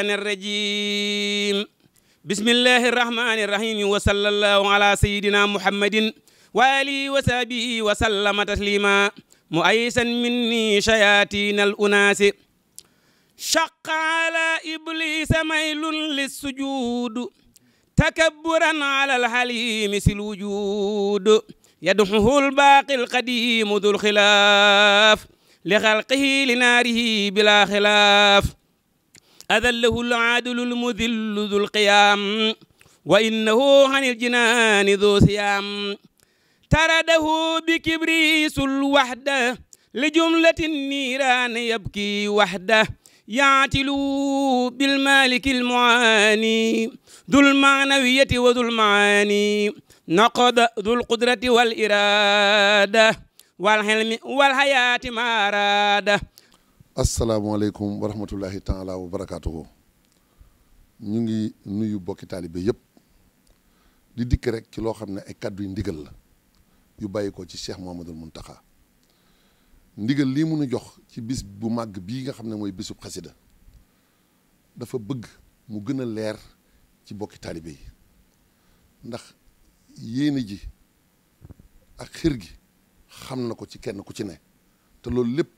الشيطان الرجيم بسم الله الرحمن الرحيم وصلى الله على سيدنا محمد وآله وصحبه وسلم تسليما مؤيسا مني شياطين الأناس شق على إبليس ميل للسجود تكبرا على الحليم سلوجود يدحه الباقي القديم ذو الخلاف لخلقه لناره بلا خلاف أذله العادل المذل ذو القيام وإنه عن الجنان ذو سيام ترده بكبريس الوحدة لجملة النيران يبكي وحده يعتل بالمالك المعاني ذو المعنوية وذو المعاني نقض ذو القدرة والإرادة والحلم والحياة ما أراده asalaamaaleykum wa rahmatullahi taala wa ñu ngi nuyu bokki taalibe yépp li dikk rek ci loo xam ne ay kàddu yu ndigal la yu bàyyi ko ci Cheikh Mouhamadul Mountakha ndigal lii mun a jox ci bis bu màgg bii nga xam ne mooy bisub xasida dafa bëgg mu gën a leer ci bokki taalibe yi ndax yéene ji ak xir gi xam na ko ci kenn ku ci ne te loolu lépp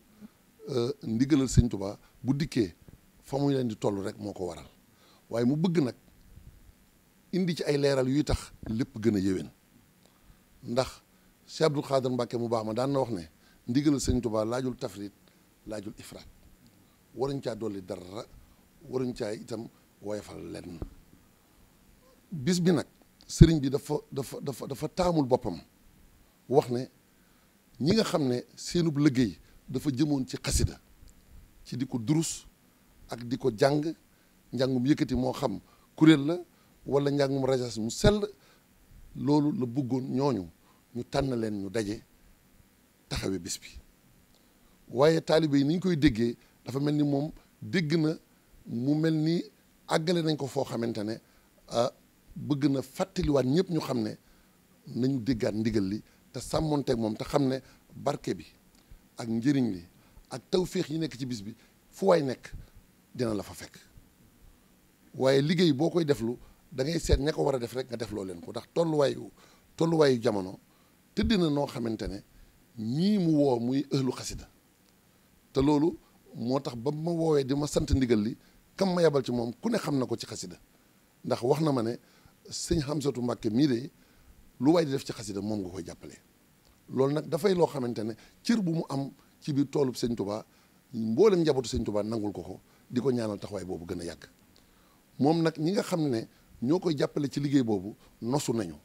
Euh, ndigalal sëñ Tuubaa bu dikkee fa mu leen di toll rek moo ko waral waaye mu bëgg nag indi ci ay leeral yuy tax lépp gën a yéwén ndax Cheikh Abdou Khader Mbacke mu baax ma daan na wax ne ndigalal sëñ Tuubaa laajul tafrit laajul ifraat waruñ caa dolli dara waruñ caa itam woyofal lenn bis bi nag sëriñ bi dafa dafa dafa dafa taamul boppam wax ne ñi nga xam ne seenub liggéey dafa jëmoon ci xasida ci di ko durus ak di ko jàng njàngum yëkkati moo xam kuréel la wala njàngum rajas mu sell loolu la bëggoon ñooñu ñu tànn leen ñu daje taxawe bis bi waaye taalibe yi ni ñu koy déggee dafa mel ni moom dégg na mu mel ni àggale nañ ko foo xamante ne ah, bëgg na fàttaliwaat ñëpp ñu xam ne nañu déggaat ndigal li te sàmmonteeg moom te xam ne barke bi ak njëriñ li ak tawféex yi nekk ci bis bi fu waay nekk dina la fa fekk waaye liggéey boo koy deflu dangay ngay seet ña ko war a def rek nga defloo leen ko ndax tolluwaayu tolluwaayu jamono tëdd na noo xamante ne ñii mu woo muy ëhlu te loolu moo tax ba mu ma woowee di ma sant ndigal li kam ma yabal ci moom ku ne xam na ko ci xasida ndax wax na ma ne sëñ Xamsatu Mbàkke mii de lu waay di def ci xasida moom nga koy jàppale loolu nag dafay loo xamante ne cir bu mu am ci biir toolub sëñ tubaa mboolem njabootu sëñ tubaa nangul ko ko di ko ñaanal taxawaay boobu gën a yàgg moom nag ñi nga xam ne ñoo koy jàppale ci liggéey boobu nosu nañu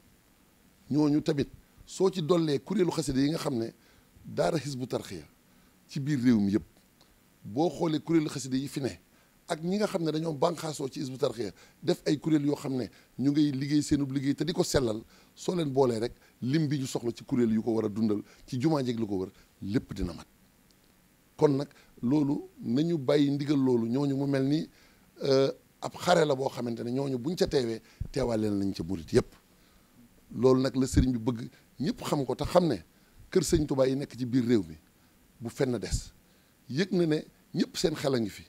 ñooñu tamit soo ci dollee kuréelu xasida yi nga xam ne daara Hizbut Tarqiyyah ci biir réew yëpp boo xoolee kuréelu xasida yi fi ne ak ñi nga xam ne dañoo bànqaasoo ci Hizbut Tarqiyyah def ay kuréel yoo xam ne ñu ngay liggéey seenub liggéey te di ko sellal soo leen boolee rek lim bi ñu soxla ci kuréel yu ko war a dundal ci jumaa jeeg lu ko wër lépp dina mat kon nag loolu nañu bàyyi ndigal loolu ñu mu mel ni euh, ab xare la boo xamante ne ñooñu buñ ca teewee teewaaleen lañ ca murit yépp loolu nag la sëriñ bi bëgg ñëpp xam ko te xam ne kër sëñ Tuubaa yi nekk ci biir réew mi bu fenn des yëg na ne ñëpp seen xel a ngi fi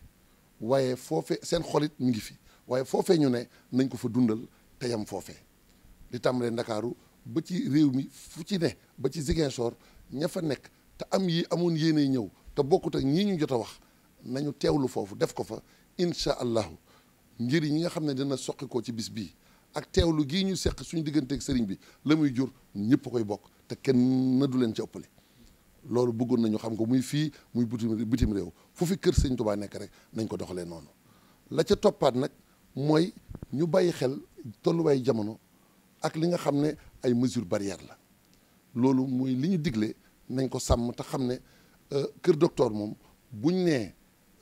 waaye foofee seen xolit mi ngi fi waaye foofee ñu ne nañ ko fa dundal te yam foofee di tàmbalee Ndakaaru ba ci réew mi fu ci ne ba ci Ziguinchor ña fa nekk te am yi amoon yéenay ñëw te bokkut ak ñii ñu jot a wax nañu teewlu foofu def ko fa incha allahu njëriñ ñi nga xam ne dina soqi ci bis bii ak teewlu gii ñu seq suñu digganteek sëriñ bi la muy jur ñëpp koy bokk te kenn na du leen ci ëppale loolu buggoon nañu xam ko muy fii muy bitim bitim réew fu fi kër sëñ Tuubaa nekk rek nañ ko doxalee noonu la ca toppaat nag mooy ñu bàyyi xel tolluwaayu jamono ak li nga xam ne ay mesures barrières la loolu muy li ñu digle nañ ko sàmm te xam ne euh, kër docteur moom buñ nee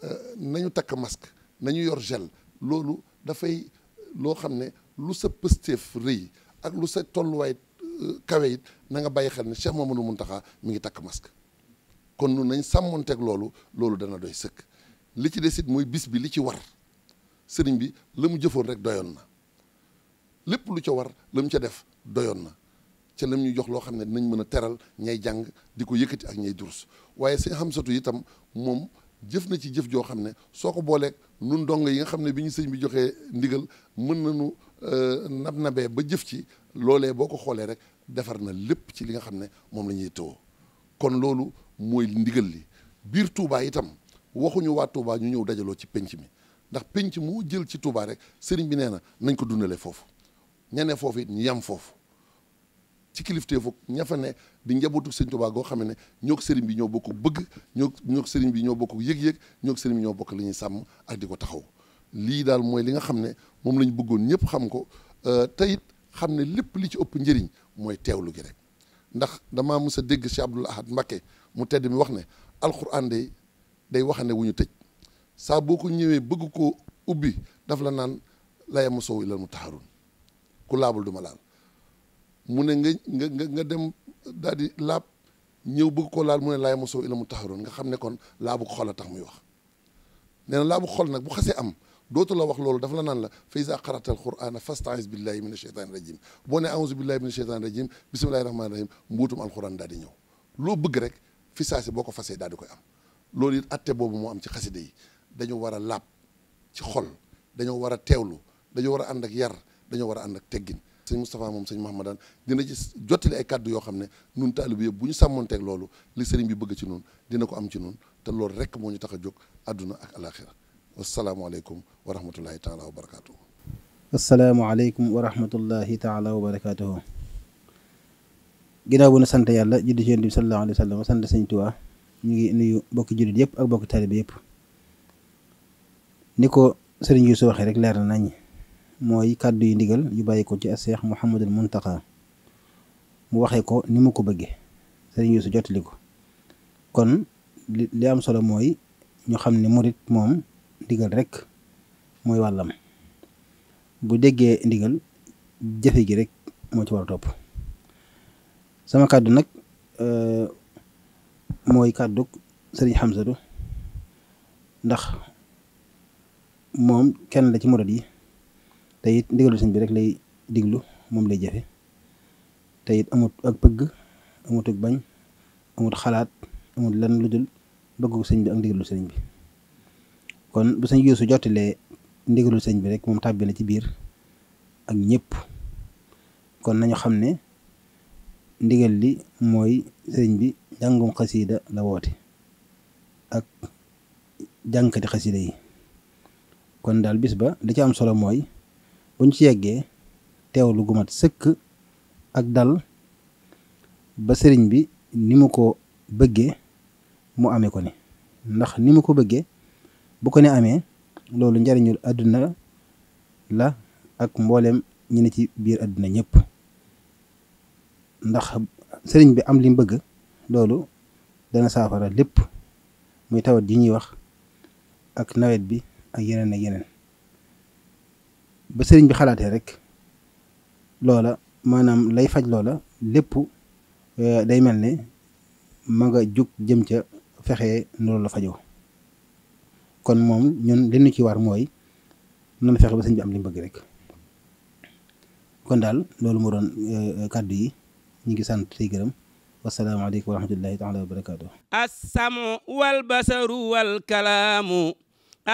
euh, nañu takk masque nañu yor gel loolu dafay loo xam ne lu sa pësteef rëy ak lu sa tolluwaay euh, kawe it na nga bàyyi xel ne Cheikh Mamadou Mountakha mi ngi takk masque kon nun nañ sàmmonteeg loolu loolu dana doy sëkk li ci des mooy bis bi li ci war sëriñ bi la mu jëfoon rek doyoon na lépp lu ca war la mu ca def doyoon na ca lam ñu jox loo xam ne dinañ mën a teral ñay jàng di ko yëkkati ak ñay durs waaye sëñ soto itam moom jëf na ci jëf joo xam ne soo ko booleek nun dong yi nga xam ne bi ñu sëñ bi joxee ndigal mën nañu euh, nab nabee ba jëf ci loolee boo ko xoolee rek defar na lépp ci li nga xam ne moom la ñuy tëwoo kon loolu mooy ndigal li biir Touba itam waxuñu waa Touba ñu ñëw dajaloo ci penc mi ndax penc moo jël ci Touba rek sëriñ bi nee na nañ ko dundalee foofu ña foofu it ñu yam foofu ci kilifteefu ña fa ne di njabootu sëñ Tuubaa goo xam ne ñoo sëriñ bi ñëw bokk bëgg ñoo ñoo sëriñ bi ñëw bokk yëg-yëg ñoo sëriñ bi ñoo bokk lañuy ñuy sàmm ak di ko taxaw lii daal mooy li nga xam ne moom lañu ñu bëggoon ñëpp xam ko euh, te xam ne lépp li ci ëpp njëriñ mooy teew gi rek ndax damaa mës a dégg si Abdoul Ahad Mbacké mu tedd mi wax ne alxuraan day day waxande wu ñu tëj saa boo ko ñëwee bëgg ko ubbi daf la naan layamu sow mu taxarun ku laabul du ma laal mu ne nga nga nga dem daal di laab ñëw bëgg koo laal mu ne laay mosoo ila mu taxaroon nga xam ne kon laabu xol a tax muy wax nee na laabu xol nag bu xasee am dootu la wax loolu dafa la naan la fa iza qara'ta al-qur'ana fasta'is billahi min ash-shaytani rajim boo ne a'udhu billahi min ash-shaytani rajim bismillahi mbuutum alquran daal ñëw loo bëgg rek fi saasi boo ko fasee daal di koy am loolu it atte boobu moo am ci xaside yi dañu war a laab ci xol dañoo war a teewlu dañoo war a ànd ak yar dañoo war a ànd ak teggin sëñ Moustapha moom sëñ Mahamadan dina ci jottali ay kàddu yoo xam ne nun taalibe yëpp bu ñu sàmmonteeg loolu li sëriñ bi bëgg ci nun dina ko am ci nun te loolu rek moo ñu tax a jóg àdduna ak alaxira wasalaamualeykum wa rahmatullahi taala wa barakatuhu asalaamaaleykum wa rahmatullahi taala wa barakatuhu ginnaaw bu na sant yàlla juddi ci yonent bi sallallahu alayhi wa sallam sant sëñ Tuubaa ñu ngi nuyu bokki jullit yëpp ak bokki taalibe yëpp ni ko sëriñ Yuusu waxee rek leer na nañ mooy kàddu yi ndigal yu bàyyi ko ci Seex Muhammadul Muntaxa mu waxe ko ni mu ko bëggee sëriñ Yuusu jotali ko kon li am solo mooy ñu xam ne murit moom ndigal rek mooy wàllam bu déggee ndigal jëfe gi rek moo ci war a topp sama kàddu nag euh, mooy kàddu sëriñ Xamsatu ndax moom kenn la ci murit yi te it ndigalu sëñ bi rek lay diglu moom lay jafe te it amut ak bëgg amut ak bañ amut xalaat amut lan lu dul bëggu sëñ bi ak ndigalu sëñ bi kon bu sëñ Yuusu jottilee ndigalu sëñ bi rek moom tàbbi na ci biir ak ñépp kon nañu xam ne ndigal li mooy sëñ bi jàngum xasiida la woote ak jànkati xasiida yi kon daal bis ba da ci am solo mooy buñ ci yeggee teewlu gu mat sëkk ak dal ba sëriñ bi ni mu ko bëggee mu amee ko ne ndax ni mu ko bëggee bu ko ne amee loolu njariñul àdduna la ak mbooleem ñi ne ci biir àdduna ñëpp ndax sëriñ bi am lim bëgg loolu dana saafara lépp muy tawat yi ñuy wax ak nawet bi ak yeneen ak yeneen ba sëriñ bi xalaatee rek loola maanaam lay faj loola lépp eh, day mel ne ma nga jug jëm ca fexe loolu la fajoo kon moom ñun li ñu ci war mooy nan fexe ba sëriñ bi am li mu rek kon daal loolu moo doon eh, kàddu yi ñu ngi sant tey gërëm wasalaamaaleykum wa rahmatullahi taala assamu wal basaru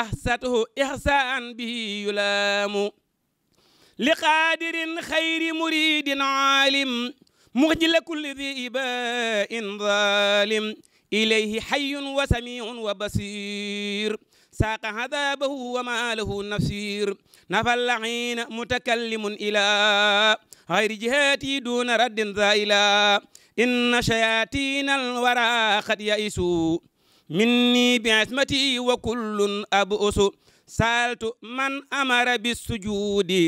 ahsatuhu ihsaan bihi yulaamu li qaadirin xayri muridin aalim muxjila kulli di ibain zalim ilayhi xayun wa samiun wa basir saaqa hadabahu wa ma lahu nafsir nafa laxiina mutakallimun ila xayri jihaati duna raddin zaila inna shayatina alwara qad yaisu minni bi ismati wa kullun abusu saaltu man amara bisujudi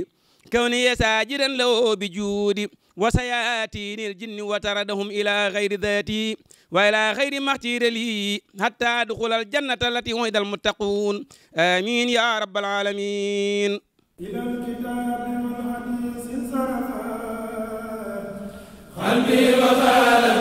كوني ساجدا له بجودي وسياتيني الجن وتردهم الى غير ذاتي والى غير ما اختير لي حتى ادخل الجنه التي وعد المتقون امين يا رب العالمين الى الكتاب والحديث صرفا قلبي وقال